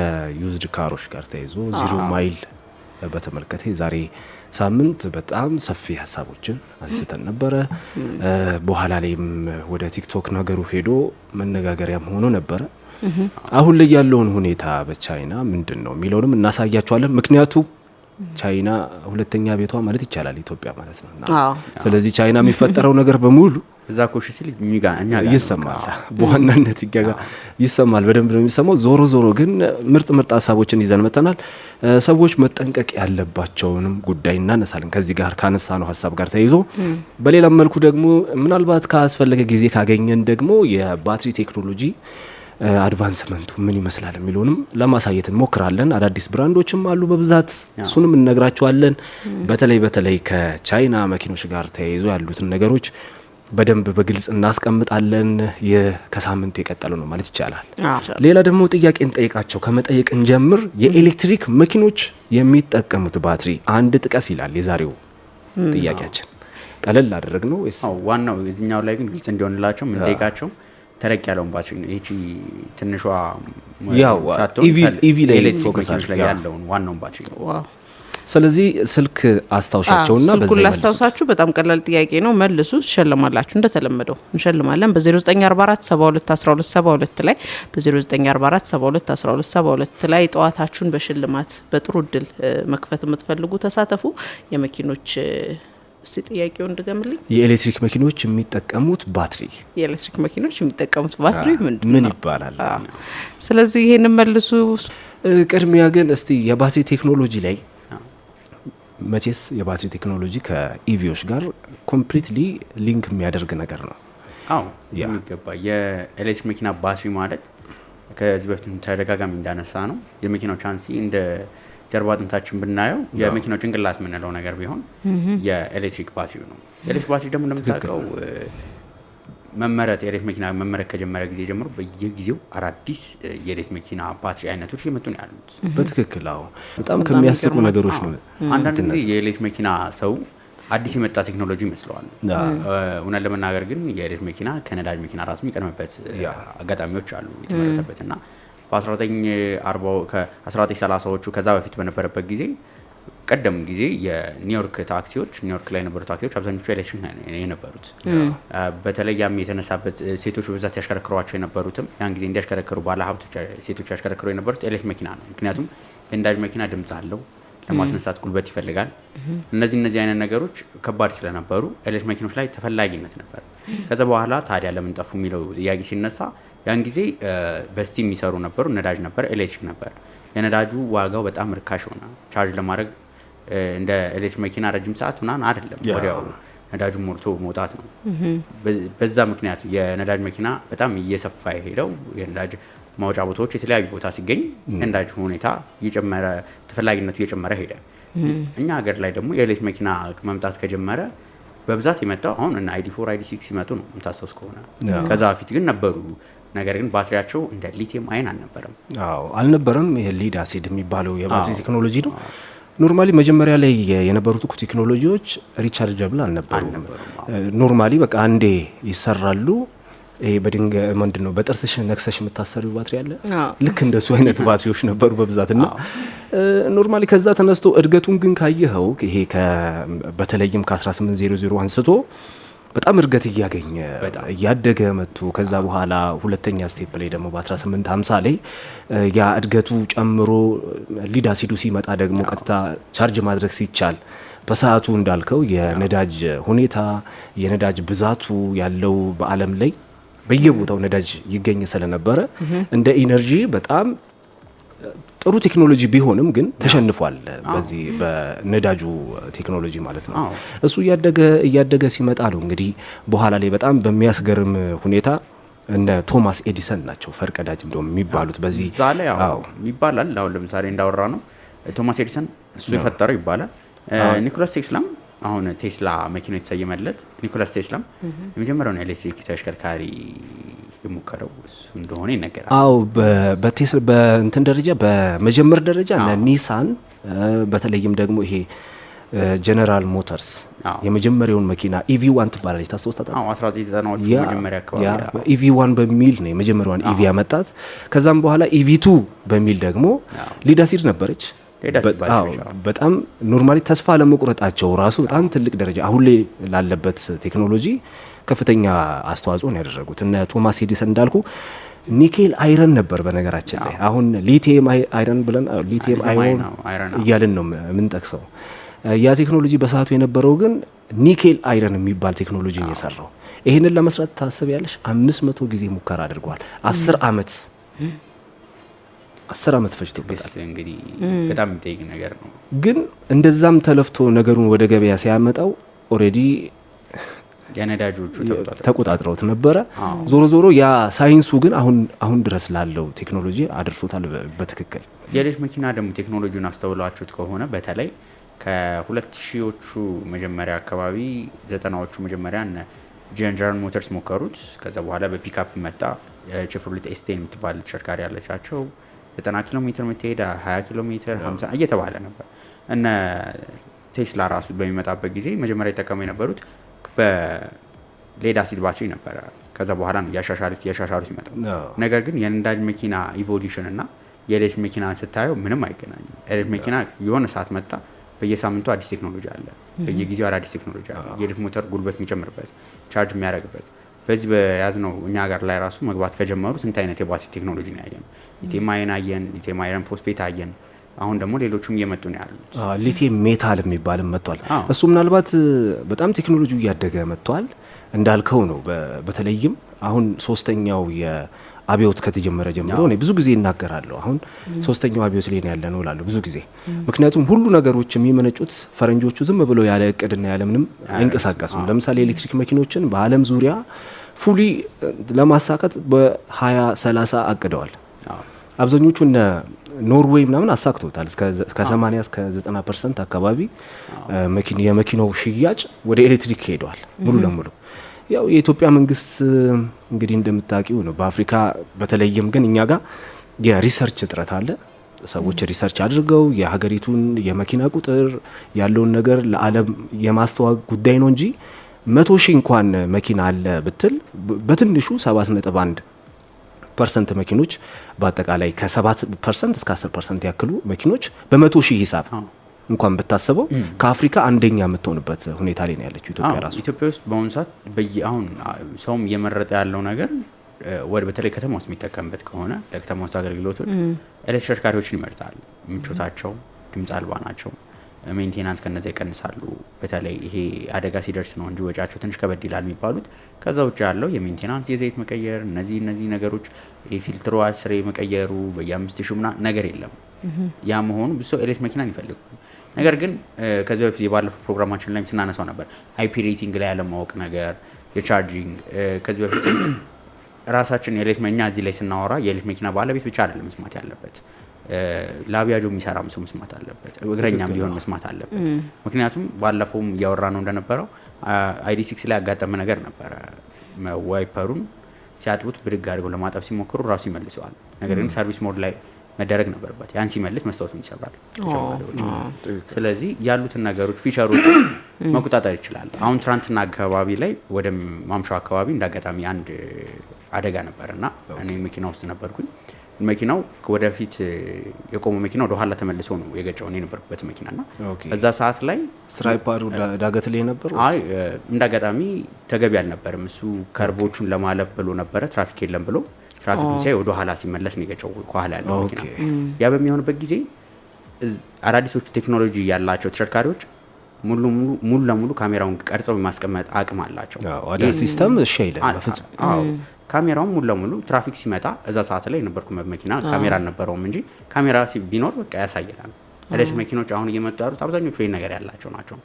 ከዩዝድ ካሮች ጋር ተያይዞ ዚሮ ማይል በተመለከተ የዛሬ ሳምንት በጣም ሰፊ ሀሳቦችን አንስተን ነበረ። በኋላ ላይም ወደ ቲክቶክ ነገሩ ሄዶ መነጋገሪያም ሆኖ ነበረ። አሁን ላይ ያለውን ሁኔታ በቻይና ምንድን ነው የሚለውንም እናሳያቸዋለን ምክንያቱም ቻይና ሁለተኛ ቤቷ ማለት ይቻላል ኢትዮጵያ ማለት ነው። ስለዚህ ቻይና የሚፈጠረው ነገር በሙሉ እዛ ኮሽ ሲል ይሰማል፣ በዋናነት ይገጋ ይሰማል፣ በደንብ ነው የሚሰማው። ዞሮ ዞሮ ግን ምርጥ ምርጥ ሀሳቦችን ይዘን መጥተናል። ሰዎች መጠንቀቅ ያለባቸውንም ጉዳይ እናነሳለን ከዚህ ጋር ካነሳ ነው ሀሳብ ጋር ተይዞ። በሌላም መልኩ ደግሞ ምናልባት ካስፈለገ ጊዜ ካገኘን ደግሞ የባትሪ ቴክኖሎጂ አድቫንስመንቱ ምን ይመስላል የሚለውንም ለማሳየት እንሞክራለን። አዳዲስ ብራንዶችም አሉ በብዛት እሱንም እንነግራቸዋለን። በተለይ በተለይ ከቻይና መኪኖች ጋር ተያይዞ ያሉትን ነገሮች በደንብ በግልጽ እናስቀምጣለን። ከሳምንት የቀጠሉ ነው ማለት ይቻላል። ሌላ ደግሞ ጥያቄ እንጠይቃቸው ከመጠየቅ እንጀምር። የኤሌክትሪክ መኪኖች የሚጠቀሙት ባትሪ አንድ ጥቀስ ይላል የዛሬው ጥያቄያችን። ቀለል አደረግ ነው ዋናው። እዚኛው ላይ ግን ግልጽ እንዲሆንላቸው የምንጠይቃቸው ተለቅ ያለውን ባትሪ ነው። ይቺ ትንሿ ኢቪ ላይ ያለውን ዋናውን ባትሪ ነው። ስለዚህ ስልክ አስታውሻቸውና ላስታውሳችሁ። በጣም ቀላል ጥያቄ ነው፣ መልሱ ትሸልማላችሁ። እንደተለመደው እንሸልማለን በ0944 72 12 72 ላይ በ0944 72 12 72 ላይ ጠዋታችሁን በሽልማት በጥሩ እድል መክፈት የምትፈልጉ ተሳተፉ። የመኪኖች እስ ጥያቄው እንድገምልኝ የኤሌክትሪክ መኪኖች የሚጠቀሙት ባትሪ የኤሌክትሪክ መኪኖች የሚጠቀሙት ባትሪ ምን ይባላል? ስለዚህ ይህን መልሱ። ቅድሚያ ግን እስቲ የባትሪ ቴክኖሎጂ ላይ መቼስ የባትሪ ቴክኖሎጂ ከኢቪዎች ጋር ኮምፕሊትሊ ሊንክ የሚያደርግ ነገር ነው። አዎ የሚገባ የኤሌክትሪክ መኪና ባትሪ ማለት ከዚህ በፊት ተደጋጋሚ እንዳነሳ ነው የመኪናው ቻንሲ እንደ ጀርባ አጥንታችን ብናየው የመኪናው ጭንቅላት የምንለው ነገር ቢሆን የኤሌክትሪክ ባትሪው ነው። ኤሌክትሪክ ባትሪ ደግሞ እንደምታውቀው መመረት የሌት መኪና መመረት ከጀመረ ጊዜ ጀምሮ በየጊዜው አዳዲስ የሌት መኪና ባትሪ አይነቶች እየመጡ ነው ያሉት። በትክክል አዎ፣ በጣም ከሚያስቁ ነገሮች ነው። አንዳንድ ጊዜ የሌት መኪና ሰው አዲስ የመጣ ቴክኖሎጂ ይመስለዋል። እውነት ለመናገር ግን የሌት መኪና ከነዳጅ መኪና ራሱ የሚቀድምበት አጋጣሚዎች አሉ የተመረተበትና ከ1930ዎቹ ከዛ በፊት በነበረበት ጊዜ ቀደም ጊዜ የኒውዮርክ ታክሲዎች ኒውዮርክ ላይ የነበሩ ታክሲዎች አብዛኞቹ ኤሌክትሪክ የነበሩት በተለይ ያም የተነሳበት ሴቶች በብዛት ያሽከረክሯቸው የነበሩትም ያን ጊዜ እንዲያሽከረክሩ ባለሀብቶች ሴቶች ያሽከረክሩ የነበሩት ኤሌክትሪክ መኪና ነው። ምክንያቱም የነዳጅ መኪና ድምፅ አለው ለማስነሳት ጉልበት ይፈልጋል። እነዚህ እነዚህ አይነት ነገሮች ከባድ ስለነበሩ ኤሌክትሪክ መኪኖች ላይ ተፈላጊነት ነበር። ከዛ በኋላ ታዲያ ለምን ጠፉ የሚለው ጥያቄ ሲነሳ ያን ጊዜ በስቲ የሚሰሩ ነበሩ። ነዳጅ ነበር፣ ኤሌክትሪክ ነበር። የነዳጁ ዋጋው በጣም ርካሽ ሆነ። ቻርጅ ለማድረግ እንደ ኤሌክትሪክ መኪና ረጅም ሰዓት ምናምን አይደለም፣ ወዲያው ነዳጁ ሞልቶ መውጣት ነው። በዛ ምክንያት የነዳጅ መኪና በጣም እየሰፋ የሄደው የነዳጅ ማውጫ ቦታዎች የተለያዩ ቦታ ሲገኝ እንዳችሁ ሁኔታ እየጨመረ ተፈላጊነቱ እየጨመረ ሄደ። እኛ ሀገር ላይ ደግሞ የኤሌት መኪና መምጣት ከጀመረ በብዛት የመጣው አሁን እና አይዲ ፎር አይዲ ሲክስ ሲመጡ ነው የምታስታውስ ከሆነ ከዛ በፊት ግን ነበሩ። ነገር ግን ባትሪያቸው እንደ ሊቲየም አይን አልነበረም። አዎ አልነበረም። ይሄ ሊድ አሲድ የሚባለው የባትሪ ቴክኖሎጂ ነው። ኖርማሊ መጀመሪያ ላይ የነበሩት እኮ ቴክኖሎጂዎች ሪቻርጀብል አልነበሩ። ኖርማሊ በቃ አንዴ ይሰራሉ ይሄ በድንገ ምንድን ነው በጥርስሽ ነክሰሽ የምታሰሪው ባትሪ አለ። ልክ እንደሱ አይነት ባትሪዎች ነበሩ በብዛት እና ኖርማሊ ከዛ ተነስቶ እድገቱን ግን ካየኸው ይሄ በተለይም ከ1800 አንስቶ በጣም እድገት እያገኘ እያደገ መጥቶ ከዛ በኋላ ሁለተኛ ስቴፕ ላይ ደግሞ በ1850 ላይ ያ እድገቱ ጨምሮ ሊድ አሲዱ ሲመጣ ደግሞ ቀጥታ ቻርጅ ማድረግ ሲቻል በሰዓቱ እንዳልከው የነዳጅ ሁኔታ የነዳጅ ብዛቱ ያለው በዓለም ላይ በየቦታው ነዳጅ ይገኝ ስለነበረ እንደ ኢነርጂ በጣም ጥሩ ቴክኖሎጂ ቢሆንም ግን ተሸንፏል፣ በዚህ በነዳጁ ቴክኖሎጂ ማለት ነው። እሱ እያደገ እያደገ ሲመጣ ነው እንግዲህ በኋላ ላይ በጣም በሚያስገርም ሁኔታ እነ ቶማስ ኤዲሰን ናቸው ፈርቀዳጅ እንደ የሚባሉት በዚህ ይባላል። አሁን ለምሳሌ እንዳወራ ነው ቶማስ ኤዲሰን እሱ የፈጠረው ይባላል። ኒኮላስ ቴስላም አሁን ቴስላ መኪና የተሰየመለት ኒኮላስ ቴስላም የመጀመሪያውን ኤሌክትሪክ ተሽከርካሪ የሞከረው እሱ እንደሆነ ይነገራል። አዎ በእንትን ደረጃ በመጀመር ደረጃ ኒሳን በተለይም ደግሞ ይሄ ጀነራል ሞተርስ የመጀመሪያውን መኪና ኢቪ ዋን ትባላለች። ታስታውሳታለህ? ኢቪ ዋን በሚል ነው የመጀመሪያዋን ኢቪ ያመጣት። ከዛም በኋላ ኢቪ ቱ በሚል ደግሞ ሊዳሲድ ነበረች በጣም ኖርማሊ ተስፋ ለመቁረጣቸው ራሱ በጣም ትልቅ ደረጃ አሁን ላይ ላለበት ቴክኖሎጂ ከፍተኛ አስተዋጽኦ ነው ያደረጉት እነ ቶማስ ሄዲሰን እንዳልኩ ኒኬል አይረን ነበር። በነገራችን ላይ አሁን ሊቲየም አይረን ብለን ሊቲየም አይሮን እያልን ነው የምንጠቅሰው። ያ ቴክኖሎጂ በሰዓቱ የነበረው ግን ኒኬል አይረን የሚባል ቴክኖሎጂ ነው የሰራው። ይህንን ለመስራት ታስብ ያለሽ አምስት መቶ ጊዜ ሙከራ አድርጓል። አስር አመት አስር ዓመት ፈጅቶበታል። እንግዲህ በጣም የሚጠይቅ ነገር ነው። ግን እንደዛም ተለፍቶ ነገሩን ወደ ገበያ ሲያመጣው ኦልሬዲ የነዳጆቹ ተቆጣጥረውት ነበረ። ዞሮ ዞሮ ያ ሳይንሱ ግን አሁን አሁን ድረስ ላለው ቴክኖሎጂ አድርሶታል። በትክክል የሌሎች መኪና ደግሞ ቴክኖሎጂውን አስተውሏችሁት ከሆነ በተለይ ከሁለት ሺዎቹ መጀመሪያ አካባቢ ዘጠናዎቹ መጀመሪያ እነ ሞተርስ ሞከሩት። ከዛ በኋላ በፒክአፕ መጣ። ቼቭሮሌት ኤስቴን የምትባል ተሽከርካሪ ያለቻቸው ዘጠና ኪሎ ሜትር የምትሄድ ሀያ ኪሎ ሜትር 50 እየተባለ ነበር። እነ ቴስላ ራሱ በሚመጣበት ጊዜ መጀመሪያ የተጠቀሙ የነበሩት በሌዳ አሲድ ባትሪ ነበረ። ከዛ በኋላ ነው እያሻሻሉት እያሻሻሉት ይመጣ። ነገር ግን የነዳጅ መኪና ኢቮሉሽን እና የኤሌት መኪና ስታየው ምንም አይገናኝም። ኤሌት መኪና የሆነ ሰዓት መጣ። በየሳምንቱ አዲስ ቴክኖሎጂ አለ፣ በየጊዜው አዳዲስ ቴክኖሎጂ አለ። የኤሌት ሞተር ጉልበት የሚጨምርበት ቻርጅ የሚያደርግበት በዚህ በያዝነው እኛ ሀገር ላይ ራሱ መግባት ከጀመሩ ስንት አይነት የባሲ ቴክኖሎጂ ነው ያየን? ሊቴም አይን አየን፣ ሊቴም አይረን ፎስፌት አየን። አሁን ደግሞ ሌሎቹም እየመጡ ነው ያሉት። ሊቴም ሜታል የሚባልም መጥቷል። እሱ ምናልባት በጣም ቴክኖሎጂ እያደገ መጥቷል እንዳልከው ነው። በተለይም አሁን ሶስተኛው አብዮት ከተጀመረ ጀምሮ እኔ ብዙ ጊዜ እናገራለሁ። አሁን ሶስተኛው አብዮት ላይ ያለ ነው እላለሁ ብዙ ጊዜ። ምክንያቱም ሁሉ ነገሮች የሚመነጩት ፈረንጆቹ ዝም ብለው ያለ እቅድና ያለ ምንም አይንቀሳቀሱም። ለምሳሌ ኤሌክትሪክ መኪኖችን በዓለም ዙሪያ ፉሊ ለማሳካት በሀያ ሰላሳ አቅደዋል። አብዛኞቹ እነ ኖርዌይ ምናምን አሳክቶታል። ከ80 እስከ 90 ፐርሰንት አካባቢ የመኪናው ሽያጭ ወደ ኤሌክትሪክ ሄደዋል ሙሉ ለሙሉ። ያው የኢትዮጵያ መንግስት እንግዲህ እንደምታውቂው ነው። በአፍሪካ በተለይም ግን እኛ ጋር የሪሰርች እጥረት አለ። ሰዎች ሪሰርች አድርገው የሀገሪቱን የመኪና ቁጥር ያለውን ነገር ለዓለም የማስተዋወቅ ጉዳይ ነው እንጂ መቶ ሺህ እንኳን መኪና አለ ብትል በትንሹ 7.1 ፐርሰንት መኪኖች በአጠቃላይ ከ7 ፐርሰንት እስከ 10 ፐርሰንት ያክሉ መኪኖች በመቶ ሺህ ሂሳብ እንኳን ብታስበው ከአፍሪካ አንደኛ የምትሆንበት ሁኔታ ላይ ነው ያለችው ኢትዮጵያ ራሱ። ኢትዮጵያ ውስጥ በአሁኑ ሰዓት በየአሁን ሰውም እየመረጠ ያለው ነገር ወደ በተለይ ከተማ ውስጥ የሚጠቀምበት ከሆነ ለከተማ ውስጥ አገልግሎቶች ተሽከርካሪዎችን ይመርጣል። ምቾታቸው ድምፅ አልባ ናቸው። ሜንቴናንስ ከነዚ ይቀንሳሉ። በተለይ ይሄ አደጋ ሲደርስ ነው እንጂ ወጫቸው ትንሽ ከበድ ይላል የሚባሉት። ከዛ ውጭ ያለው የሜንቴናንስ የዘይት መቀየር፣ እነዚህ እነዚህ ነገሮች የፊልትሮ አስሬ መቀየሩ በየአምስት ሺ ምና ነገር የለም። ያ መሆኑ ብዙ ሰው ኤሌት መኪናን ይፈልጉ። ነገር ግን ከዚ በፊት የባለፈው ፕሮግራማችን ላይ ስናነሳው ነበር አይፒ ሬቲንግ ላይ ያለማወቅ ነገር የቻርጂንግ ከዚህ በፊት ራሳችን የሌት መኛ እዚህ ላይ ስናወራ የኤሌት መኪና ባለቤት ብቻ አይደለም መስማት ያለበት ለአብያጆ የሚሰራም ሰው መስማት አለበት፣ እግረኛም ቢሆን መስማት አለበት። ምክንያቱም ባለፈውም እያወራ ነው እንደነበረው አይዲ ሲክስ ላይ ያጋጠመ ነገር ነበረ። ዋይፐሩን ሲያጥቡት ብድግ አድርገው ለማጠብ ሲሞክሩ ራሱ ይመልሰዋል። ነገር ግን ሰርቪስ ሞድ ላይ መደረግ ነበርበት ያን ሲመልስ መስታወቱን ይሰብራል። ስለዚህ ያሉትን ነገሮች ፊቸሮችን መቆጣጠር ይችላል። አሁን ትናንትና አካባቢ ላይ ወደ ማምሻው አካባቢ እንዳጋጣሚ አንድ አደጋ ነበር እና እኔ መኪና ውስጥ ነበርኩኝ መኪናው ወደፊት የቆመ መኪና ወደ ኋላ ተመልሶ ነው የገጨው እኔ የነበርኩበት መኪና ና በዛ ሰዓት ላይ ስራይፓሩ ዳገት ላይ ነበር። አይ እንደ አጋጣሚ ተገቢ አልነበርም። እሱ ከርቮቹን ለማለፍ ብሎ ነበረ ትራፊክ የለም ብሎ ትራፊክ ሲያይ ወደ ኋላ ሲመለስ ነው የገጨው ከኋላ ያለው መኪና። ያ በሚሆንበት ጊዜ አዳዲሶቹ ቴክኖሎጂ ያላቸው ተሽከርካሪዎች ሙሉ ሙሉ ለሙሉ ካሜራውን ቀርጸው የማስቀመጥ አቅም አላቸው። ሲስተም እሺ በፍጹም ካሜራውም ሙሉ ለሙሉ ትራፊክ ሲመጣ እዛ ሰዓት ላይ የነበርኩ መኪና ካሜራ አልነበረውም እንጂ ካሜራ ቢኖር በቃ ያሳየናል። ሌሎች መኪኖች አሁን እየመጡ ያሉት አብዛኞቹ ይህን ነገር ያላቸው ናቸው።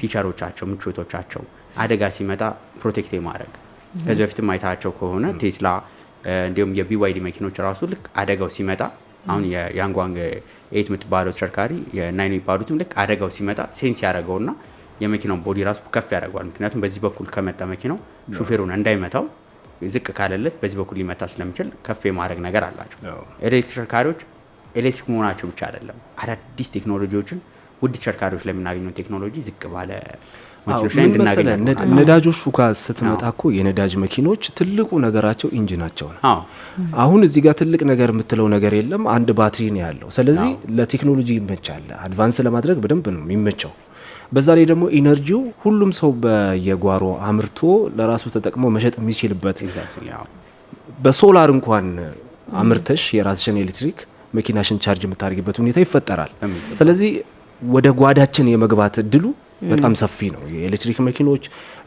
ፊቸሮቻቸው፣ ምቾቶቻቸው አደጋ ሲመጣ ፕሮቴክት ማድረግ ከዚህ በፊትም አይታቸው ከሆነ ቴስላ እንዲሁም የቢዋይዲ መኪኖች ራሱ ልክ አደጋው ሲመጣ አሁን የያንጓንግ ኤት የምትባለው ተሽከርካሪ የናይን የሚባሉትም ልክ አደጋው ሲመጣ ሴንስ ያደረገውና የመኪናውን ቦዲ ራሱ ከፍ ያደርገዋል። ምክንያቱም በዚህ በኩል ከመጣ መኪናው ሹፌሩን እንዳይመታው ዝቅ ካለለት በዚህ በኩል ሊመታ ስለሚችል ከፍ የማድረግ ነገር አላቸው። ኤሌክትሪክ ተሽከርካሪዎች ኤሌክትሪክ መሆናቸው ብቻ አይደለም፣ አዳዲስ ቴክኖሎጂዎችን ውድ ተሽከርካሪዎች ለምናገኘው ቴክኖሎጂ ዝቅ ባለ ነዳጆቹ ጋር ስትመጣ እኮ የነዳጅ መኪኖች ትልቁ ነገራቸው ኢንጂናቸው ነው። አሁን እዚህ ጋር ትልቅ ነገር የምትለው ነገር የለም። አንድ ባትሪ ነው ያለው። ስለዚህ ለቴክኖሎጂ ይመቻል፣ አድቫንስ ለማድረግ በደንብ ነው የሚመቸው። በዛ ላይ ደግሞ ኢነርጂው ሁሉም ሰው በየጓሮ አምርቶ ለራሱ ተጠቅሞ መሸጥ የሚችልበት በሶላር እንኳን አምርተሽ የራስሽን ኤሌክትሪክ መኪናሽን ቻርጅ የምታደርግበት ሁኔታ ይፈጠራል። ስለዚህ ወደ ጓዳችን የመግባት እድሉ በጣም ሰፊ ነው። የኤሌክትሪክ መኪኖች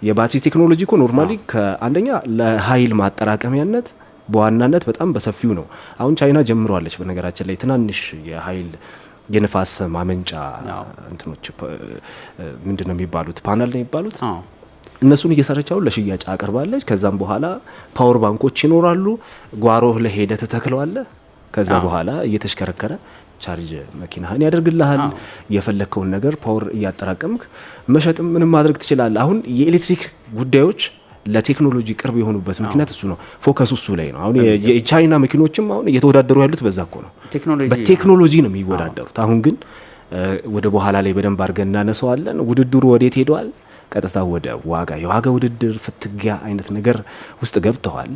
የባትሪ ቴክኖሎጂ ኮ ኖርማሊ ከአንደኛ ለኃይል ማጠራቀሚያነት በዋናነት በጣም በሰፊው ነው። አሁን ቻይና ጀምረዋለች። በነገራችን ላይ ትናንሽ የሀይል የንፋስ ማመንጫ እንትኖች ምንድን ነው የሚባሉት? ፓነል ነው የሚባሉት። እነሱን እየሰረች አሁን ለሽያጭ አቅርባለች። ከዛም በኋላ ፓወር ባንኮች ይኖራሉ። ጓሮህ ለሄደ ትተክለዋለህ። ከዛ በኋላ እየተሽከረከረ ቻርጅ መኪናህን ያደርግልሃል። የፈለግከውን ነገር ፓወር እያጠራቀምክ መሸጥም ምንም ማድረግ ትችላለህ። አሁን የኤሌክትሪክ ጉዳዮች ለቴክኖሎጂ ቅርብ የሆኑበት ምክንያት እሱ ነው። ፎከሱ እሱ ላይ ነው። አሁን የቻይና መኪኖችም አሁን እየተወዳደሩ ያሉት በዛ እኮ ነው፣ በቴክኖሎጂ ነው የሚወዳደሩት። አሁን ግን ወደ በኋላ ላይ በደንብ አድርገን እናነሰዋለን። ውድድሩ ወዴት ሄደዋል? ቀጥታ ወደ ዋጋ የዋጋ ውድድር ፍትጊያ አይነት ነገር ውስጥ ገብተዋል።